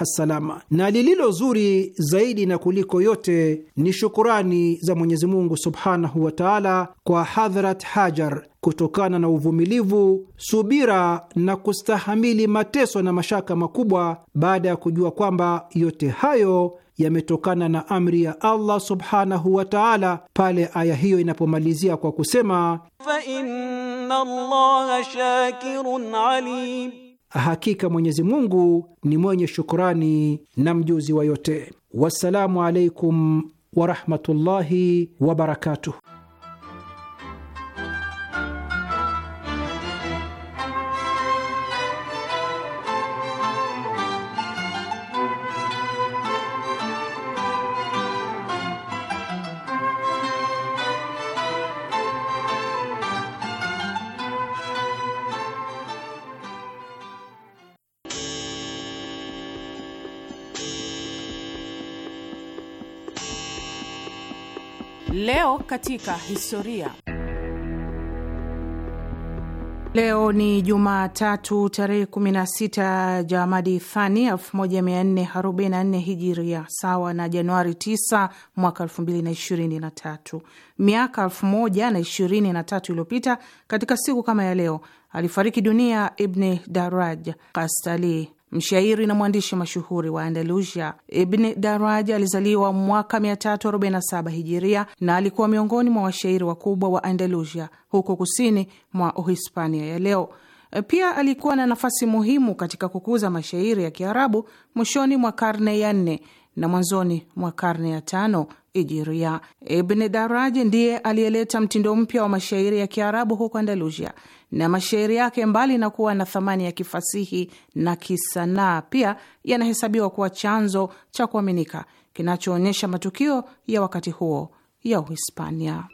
Na lililo zuri zaidi na kuliko yote ni shukurani za Mwenyezi Mungu subhanahu wa taala kwa Hadhrat Hajar kutokana na uvumilivu, subira na kustahamili mateso na mashaka makubwa, baada ya kujua kwamba yote hayo yametokana na amri ya Allah subhanahu wa taala, pale aya hiyo inapomalizia kwa kusema fa inna Allaha shakirun alim Hakika Mwenyezi Mungu ni mwenye shukrani na mjuzi wa yote. Wassalamu alaikum warahmatullahi wabarakatuh. Leo katika historia. Leo ni Jumatatu tarehe 16 Jamadi Thani 1444 Hijiria, sawa na Januari 9 mwaka 2023. Miaka 1023 iliyopita katika siku kama ya leo alifariki dunia Ibni Daraj Kastali, mshairi na mwandishi mashuhuri wa Andalusia. Ibni Daraj alizaliwa mwaka 347 hijiria na alikuwa miongoni mwa washairi wakubwa wa Andalusia huko kusini mwa Uhispania ya leo. Pia alikuwa na nafasi muhimu katika kukuza mashairi ya Kiarabu mwishoni mwa karne ya nne na mwanzoni mwa karne ya tano Ijiria. Ibn Daraj ndiye aliyeleta mtindo mpya wa mashairi ya Kiarabu huko Andalusia, na mashairi yake mbali na kuwa na thamani ya kifasihi na kisanaa, pia yanahesabiwa kuwa chanzo cha kuaminika kinachoonyesha matukio ya wakati huo ya Uhispania.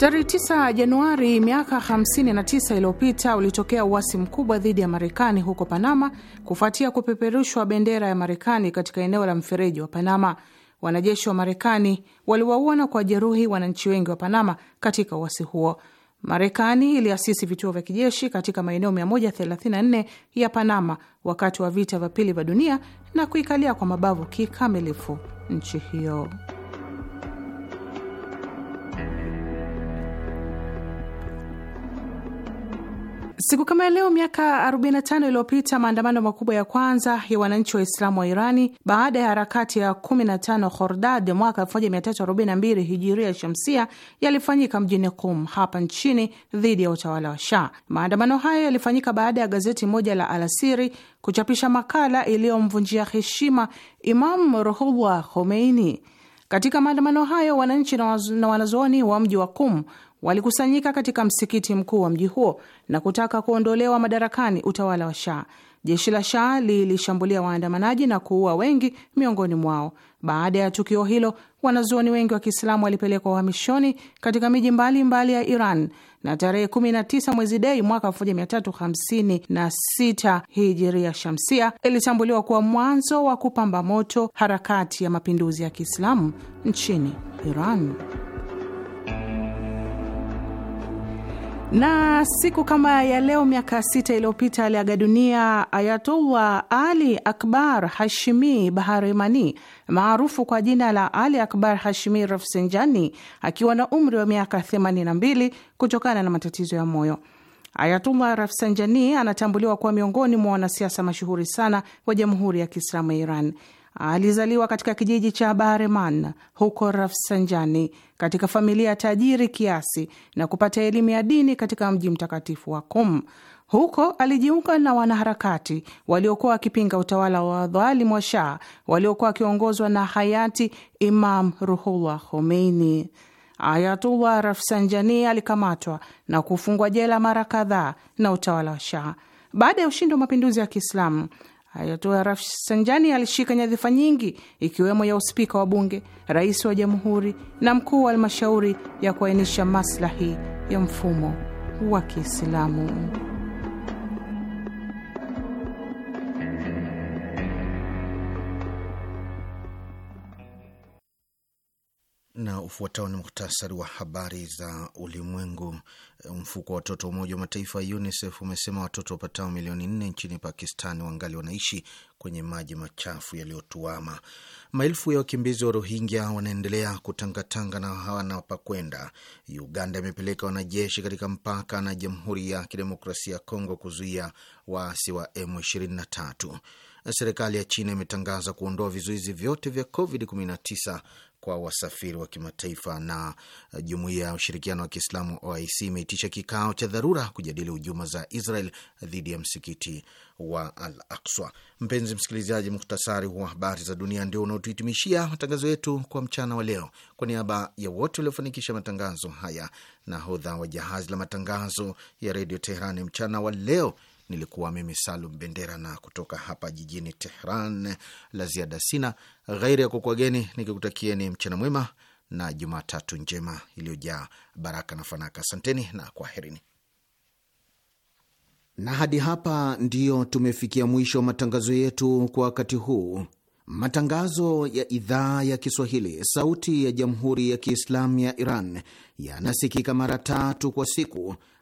Tarehe 9 Januari miaka 59 iliyopita ulitokea uasi mkubwa dhidi ya Marekani huko Panama kufuatia kupeperushwa bendera ya Marekani katika eneo la mfereji wa Panama. Wanajeshi wa Marekani waliwaua na kuwajeruhi wananchi wengi wa Panama katika uasi huo. Marekani iliasisi vituo vya kijeshi katika maeneo 134 ya Panama wakati wa vita vya pili vya dunia na kuikalia kwa mabavu kikamilifu nchi hiyo. Siku kama ya leo miaka 45 iliyopita maandamano makubwa ya kwanza ya wananchi wa islamu wa Irani baada ya harakati ya 15 Khordad mwaka 1342 hijiria shamsia yalifanyika mjini Qum hapa nchini dhidi ya utawala wa Shah. Maandamano hayo yalifanyika baada ya gazeti moja la Alasiri kuchapisha makala iliyomvunjia heshima Imam Ruhullah Khomeini. Katika maandamano hayo wananchi na wanazuoni wa mji wa Qum walikusanyika katika msikiti mkuu wa mji huo na kutaka kuondolewa madarakani utawala wa Shah. Jeshi la Shah lilishambulia waandamanaji na kuua wengi miongoni mwao. Baada ya tukio hilo, wanazuoni wengi wa Kiislamu walipelekwa uhamishoni katika miji mbalimbali ya Iran na tarehe 19 mwezi Dei mwaka 1356 hijiria shamsia ilitambuliwa kuwa mwanzo wa kupamba moto harakati ya mapinduzi ya Kiislamu nchini Iran. Na siku kama ya leo miaka sita iliyopita aliaga dunia Ayatullah Ali Akbar Hashimi Baharemani maarufu kwa jina la Ali Akbar Hashimi Rafsanjani akiwa na umri wa miaka 82 kutokana na matatizo ya moyo. Ayatullah Rafsanjani anatambuliwa kuwa miongoni mwa wanasiasa mashuhuri sana wa Jamhuri ya Kiislamu ya Iran. Alizaliwa katika kijiji cha bareman huko Rafsanjani katika familia ya tajiri kiasi na kupata elimu ya dini katika mji mtakatifu wa Kum. Huko alijiunga na wanaharakati waliokuwa wakipinga utawala wa dhalimu wa Shah waliokuwa wakiongozwa na hayati Imam Ruhullah Khomeini. Ayatullah Rafsanjani alikamatwa na kufungwa jela mara kadhaa na utawala wa Shah. Baada ya ushindi wa mapinduzi ya Kiislamu, Ayatola Rafsanjani alishika nyadhifa nyingi ikiwemo ya uspika wa bunge, rais wa jamhuri na mkuu wa halmashauri ya kuainisha maslahi ya mfumo wa Kiislamu. Na ufuatao ni muhtasari wa habari za ulimwengu. Mfuko wa watoto wa Umoja wa Mataifa UNICEF umesema watoto wapatao milioni nne nchini Pakistani wangali wanaishi kwenye maji machafu yaliyotuama. Maelfu ya wakimbizi wa Rohingya wanaendelea kutangatanga na hawana pa kwenda. Uganda imepeleka wanajeshi katika mpaka na Jamhuri ya Kidemokrasia ya Kongo kuzuia waasi wa M23 na serikali ya China imetangaza kuondoa vizuizi vyote vya COVID-19 kwa wasafiri wa kimataifa. Na uh, jumuiya ya ushirikiano wa Kiislamu OIC imeitisha kikao cha dharura kujadili hujuma za Israel dhidi ya msikiti wa Al Akswa. Mpenzi msikilizaji, muhtasari wa habari za dunia ndio unaotuhitimishia matangazo yetu kwa mchana wa leo. Kwa niaba ya wote waliofanikisha matangazo haya, nahodha wa jahazi la matangazo ya redio Teherani mchana wa leo Nilikuwa mimi Salum Bendera, na kutoka hapa jijini Tehran la ziada sina ghairi ya kukuageni nikikutakieni mchana mwema na Jumatatu njema iliyojaa baraka na fanaka. Asanteni na kwaherini. Na hadi hapa ndiyo tumefikia mwisho wa matangazo yetu kwa wakati huu. Matangazo ya idhaa ya Kiswahili sauti ya jamhuri ya Kiislamu ya Iran yanasikika mara tatu kwa siku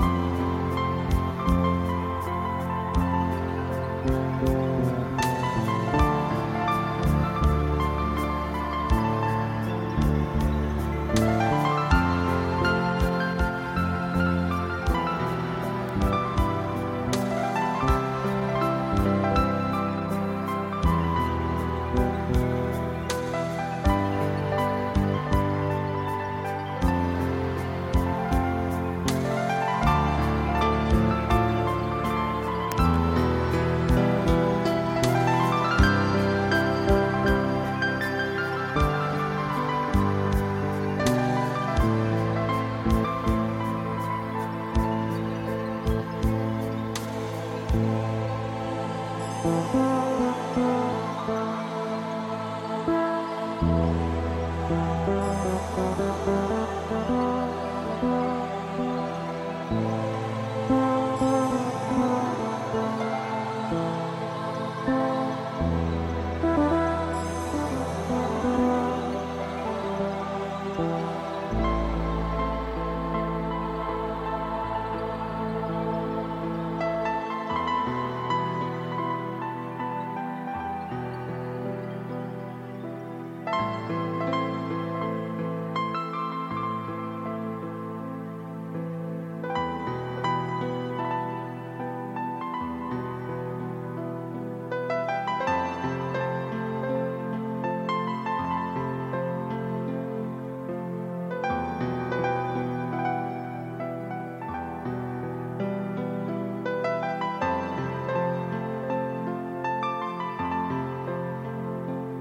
you.